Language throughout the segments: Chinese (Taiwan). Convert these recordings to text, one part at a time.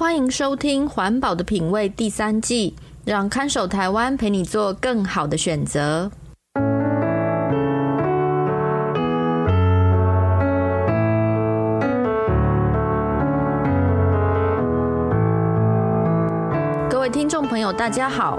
歡迎收聽《環保的品味》第三季，讓看守台灣陪你做更好的選擇。各位聽眾朋友，大家好。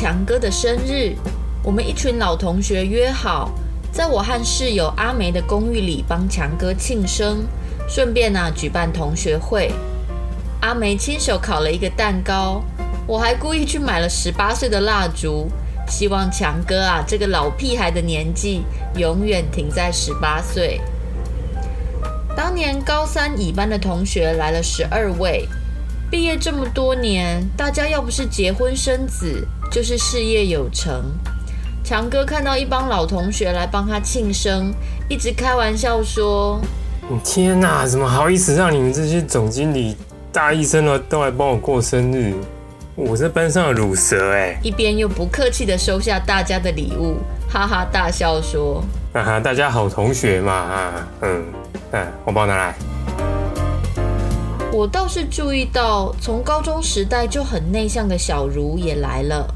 強哥的生日，我們一群老同學約好，在我和室友阿梅的公寓裡幫強哥慶生，順便呢，啊，舉辦同學會。阿梅親手烤了一個蛋糕，我還故意去買了十八歲的蠟燭，希望強哥啊這個老屁孩的年紀永遠停在十八歲。當年高三乙班的同學來了十二位，畢業這麼多年，大家要不是結婚生子。就是事業有成，強哥看到一幫老同學來幫他慶生，一直開玩笑說：“天哪，怎麼好意思讓你們這些總經理、大醫生了都來幫我過生日？我在班上魯蛇哎！”一邊又不客氣的收下大家的禮物，哈哈大笑說：“哈哈、啊啊，大家好同學嘛，啊、嗯嗯、啊，紅包拿來。”我倒是注意到，從高中時代就很內向的小茹也來了。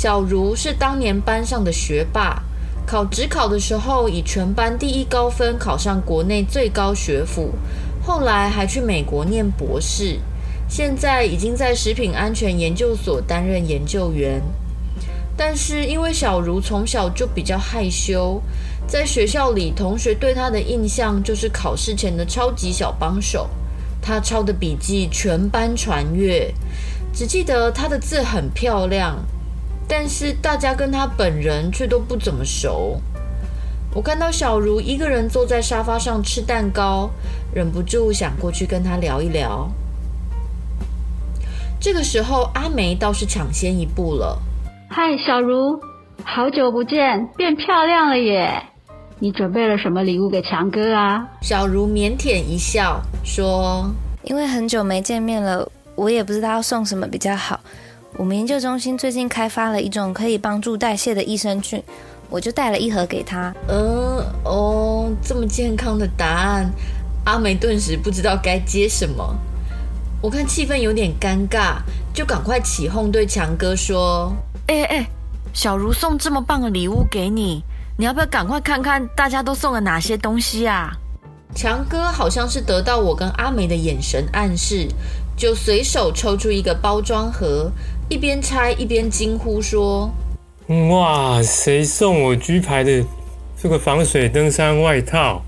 小茹是當年班上的學霸，考指考的時候以全班第一高分考上國內最高學府，後來還去美國念博士，現在已經在食品安全研究所擔任研究員。但是因為小茹從小就比較害羞，在學校裡同學對她的印象就是考試前的超級小幫手，她抄的筆記全班傳閱，只記得她的字很漂亮。但是大家跟他本人卻都不怎麼熟。我看到小茹一個人坐在沙發上吃蛋糕，忍不住想過去跟他聊一聊。這個時候，阿梅倒是搶先一步了：“嗨，小茹，好久不見，變漂亮了耶！你準備了什麼禮物給強哥啊？”小茹靦腆一笑，說：“因為很久沒見面了，我也不知道要送什麼比較好。”我們研究中心最近開發了一種可以幫助代謝的益生菌，我就帶了一盒給他。嗯、呃、哦，這麼健康的答案，阿梅頓時不知道該接什麼。我看氣氛，有點尷尬，就趕快起哄對強哥說：“哎哎、欸欸，小茹送這麼棒的禮物給你，你要不要趕快看看大家都送了哪些東西啊？”強哥好像是得到我跟阿梅的眼神暗示，就隨手抽出一個包裝盒。一邊拆一邊驚呼說：“哇，誰送我 G 牌的這個防水登山外套？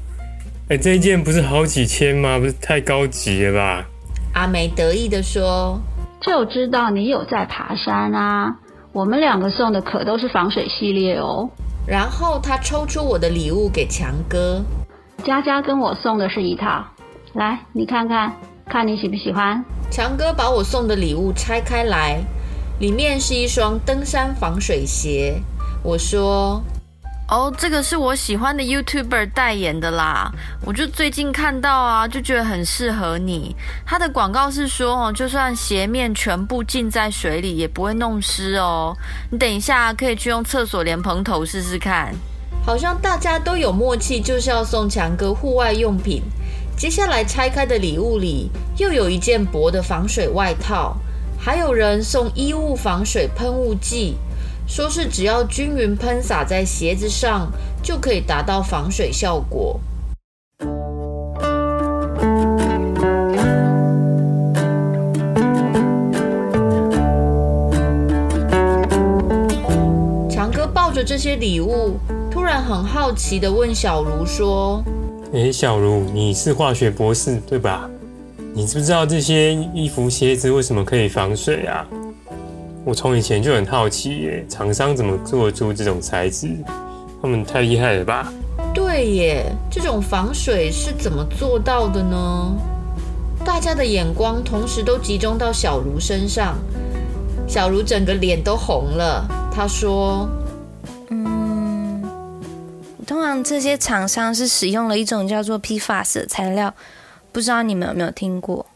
哎、欸，這件不是好幾千嗎？不是太高級了吧？”阿梅得意地說：“就知道你有在爬山啊！我們兩個送的可都是防水系列哦。”然後他抽出我的禮物給強哥，佳佳跟我送的是一套，來，你看看，看你喜不喜歡？強哥把我送的禮物拆開來。裡面是一雙登山防水鞋，我說，哦，oh, 這個是我喜歡的 YouTuber 代言的啦，我就最近看到啊，就覺得很適合你。他的廣告是說哦，就算鞋面全部浸在水裡也不會弄濕哦。你等一下可以去用廁所蓮蓬頭試試看。好像大家都有默契，就是要送強哥戶外用品。接下來拆開的禮物裡又有一件薄的防水外套。還有人送衣物防水噴霧劑，說是只要均勻噴灑在鞋子上，就可以達到防水效果。強、嗯、哥抱着這些禮物，突然很好奇地問小茹說：“欸、小茹，你是化學博士對吧？”你知不知道這些衣服鞋子為什麼可以防水啊？我從以前就很好奇，耶，廠商怎麼做出這種材質？他們太厲害了吧？對耶，這種防水是怎麼做到的呢？大家的眼光同時都集中到小盧身上，小盧整個臉都紅了。他說：“嗯，通常這些廠商是使用了一種叫做 PFAS 的材料。”不知道你們有沒有聽過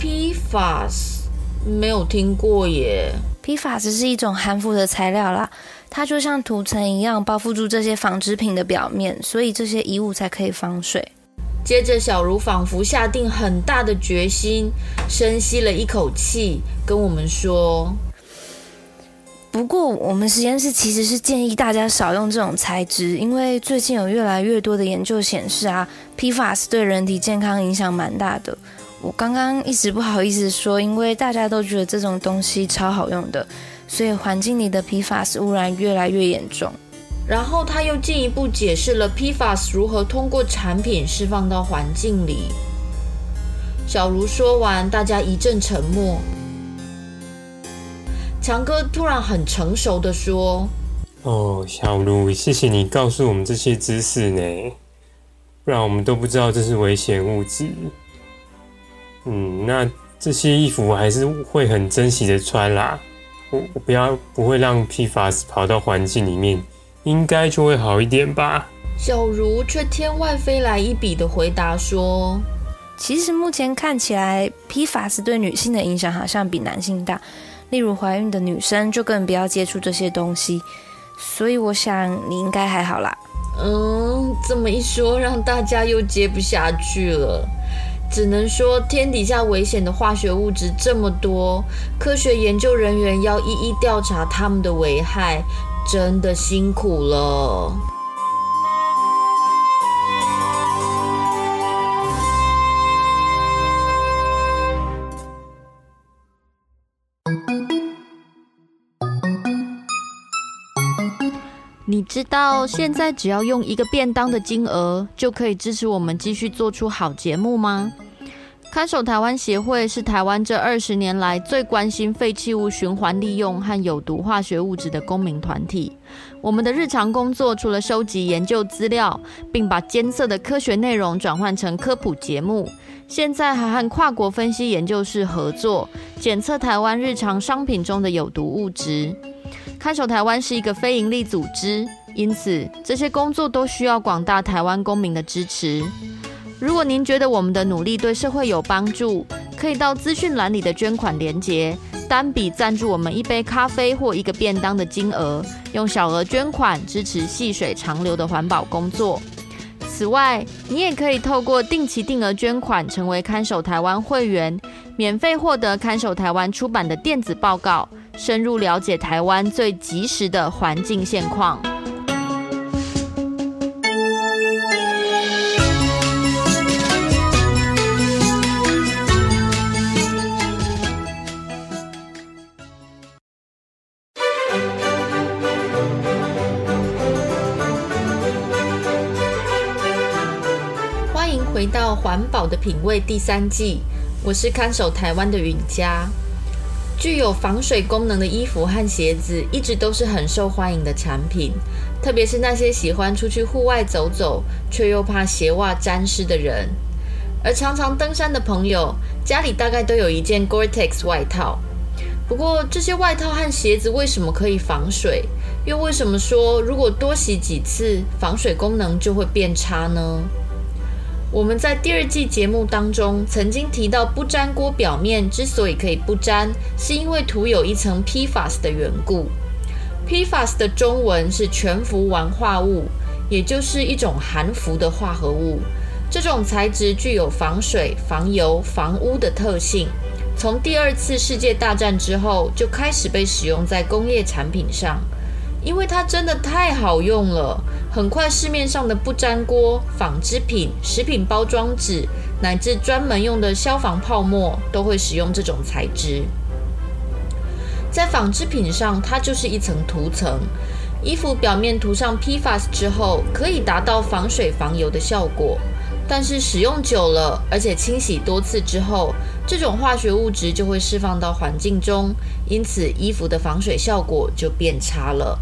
，PFAS，沒有聽過耶。PFAS 是一種含氟的材料啦，它就像塗層一樣包覆住這些紡織品的表面，所以這些衣物才可以防水。接着，小茹仿佛下定很大的決心，深吸了一口氣，跟我們說。不過，我們實驗室其實是建議大家少用這種材質，因為最近有越來越多的研究顯示啊，PFAS 對人體健康影響蠻大的。我剛剛一直不好意思說，因為大家都覺得這種東西超好用的，所以環境裡的 PFAS 污染，越來越嚴重。然後他又進一步解釋了 PFAS 如何通過產品釋放到環境裡。小如說完，大家一陣沉默。強哥突然很成熟的說：“哦，oh, 小茹，謝謝你告訴我們這些知識呢，不然我們都不知道這是危險物質。嗯，那這些衣服我還是會很珍惜的穿啦，我我不要不會讓 PFAS 跑到環境裡面，應該就會好一點吧。”小茹卻天外飛來一筆的回答說：“其實目前看起來，PFAS 對女性的影響好像比男性大。”例如懷孕的女生就更不要接觸這些東西，所以我想你應該還好啦。嗯，這麼一說，讓大家又接不下去了。只能說天底下危險的化學物質這麼多，科學研究人員要一一調查他們的危害，真的辛苦了。你知道現在只要用一個便當的金額，就可以支持我們繼續做出好節目嗎？看守台灣協會是台灣這二十年來最關心廢棄物循環利用和有毒化學物質的公民團體。我們的日常工作除了收集研究資料，並把監測的科學內容轉換成科普節目，現在還和跨國分析研究室合作，檢測台灣日常商品中的有毒物質。看守台灣是一個非營利組織，因此這些工作都需要廣大台灣公民的支持。如果您覺得我們的努力對社會有幫助，可以到資訊欄裡的捐款連結，單筆贊助我們一杯咖啡或一個便當的金額，用小額捐款支持細水長流的環保工作。此外，你也可以透過定期定額捐款，成為看守台灣會員，免費獲得看守台灣出版的電子報告。深入了解台灣最及時的環境現況。歡迎回到《環保的品味》第三季，我是看守台灣的允嘉。具有防水功能的衣服和鞋子一直都是很受歡迎的產品，特別是那些喜歡出去戶外走走卻又怕鞋襪沾濕的人。而常常登山的朋友家裡大概都有一件 Gore-Tex 外套。不過，這些外套和鞋子為什麼可以防水？又為什麼說如果多洗幾次，防水功能就會變差呢？我們在第二季節目當中曾經提到，不粘鍋表面之所以可以不粘，是因為塗有一層 PFAS 的緣故。PFAS 的中文是全氟烷化物，也就是一種含氟的化合物。這種材質具有防水、防油、防污的特性。從第二次世界大戰之後就開始被使用在工業產品上。因為它真的太好用了，很快市面上的不粘鍋、紡織品、食品包裝紙乃至專門用的消防泡沫都會使用這種材質。在紡織品上，它就是一層塗層，衣服表面塗上 PFAS 之後，可以達到防水防油的效果。但是使用久了，而且清洗多次之後，這種化學物質就會釋放到環境中，因此衣服的防水效果就變差了。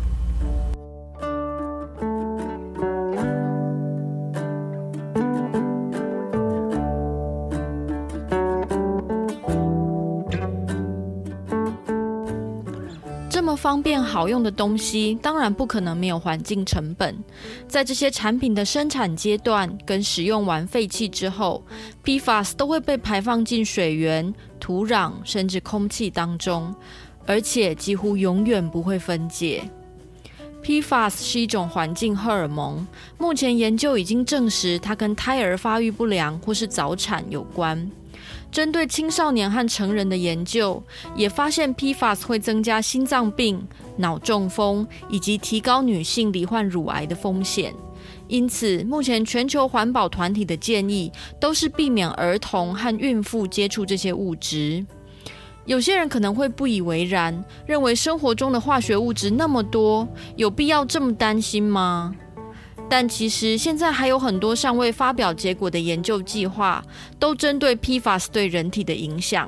方便好用的東西，當然不可能沒有環境成本。在這些產品的生產階段跟使用完廢棄之後，PFAS 都會被排放進水源、土壤甚至空氣當中，而且幾乎永遠不會分解。PFAS 是一種環境荷爾蒙，目前研究已經證實它跟胎兒發育不良或是早產有關。針對青少年和成人的研究也發現，PFAS 會增加心臟病、腦中風以及提高女性罹患乳癌的風險。因此，目前全球環保團體的建議都是避免兒童和孕婦接觸這些物質。有些人可能會不以為然，認為生活中的化學物質那麼多，有必要這麼擔心嗎？但其實現在還有很多尚未發表結果的研究計劃，都針對 PFAS 對人體的影響。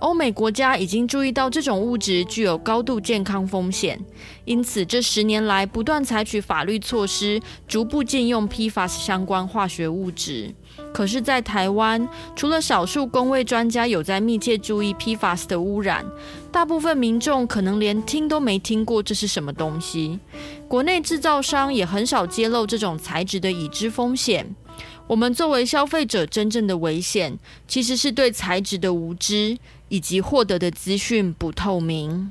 歐美國家已經注意到這種物質具有高度健康風險，因此這十年來不斷採取法律措施，逐步禁用 PFAS 相關化學物質。可是，在台灣，除了少數公衛專家有在密切注意 PFAS 的污染，大部分民眾可能連聽都沒聽過這是什麼東西。國內製造商也很少揭露這種材質的已知風險。我們作為消費者，真正的危險其實是對材質的無知，以及獲得的資訊不透明。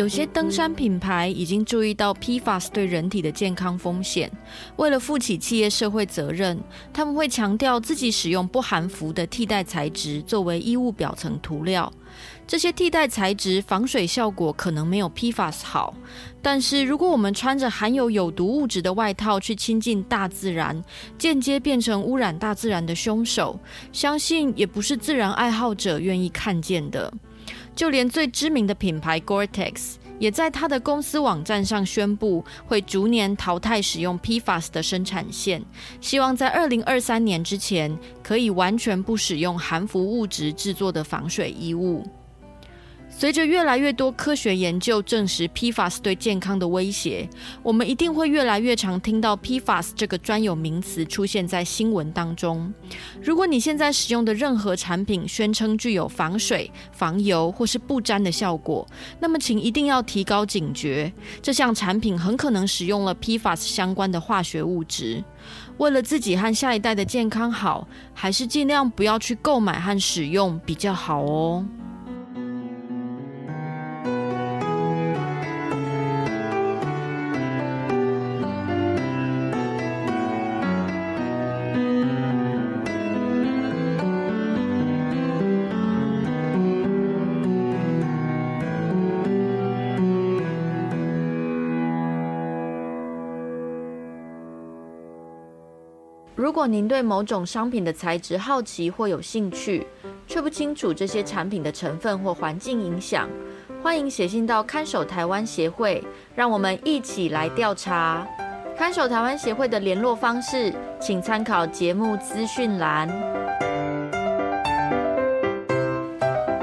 有些登山品牌已經注意到 PFAS 對人體的健康風險，為了負起企業社會責任，他們會強調自己使用不含氟的替代材質作為衣物表層塗料。這些替代材質防水效果可能沒有 PFAS 好，但是如果我們穿着含有有毒物質的外套去親近大自然，間接變成污染大自然的兇手，相信也不是自然愛好者願意看見的。就連最知名的品牌 Gore-Tex 也在他的公司網站上宣布，會逐年淘汰使用 PFAS 的生產線，希望在二零二三年之前可以完全不使用含氟物質製作的防水衣物。隨着越來越多科學研究證實 PFAS 對健康的威脅，我們一定會越來越常聽到 PFAS 這個專有名詞出現在新聞當中。如果你現在使用的任何產品宣稱具有防水、防油或是不沾的效果，那麼請一定要提高警覺，這項產品很可能使用了 PFAS 相關的化學物質。為了自己和下一代的健康好，還是儘量不要去購買和使用比較好哦。如果您對某種商品的材質好奇或有興趣，卻不清楚這些產品的成分或環境影響，歡迎寫信到看守台灣協會，讓我們一起來調查。看守台灣協會的聯絡方式請參考節目資訊欄。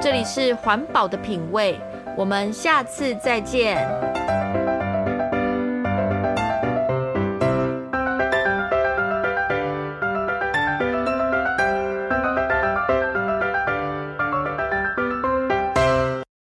這裡是環保的品味，我們下次再見。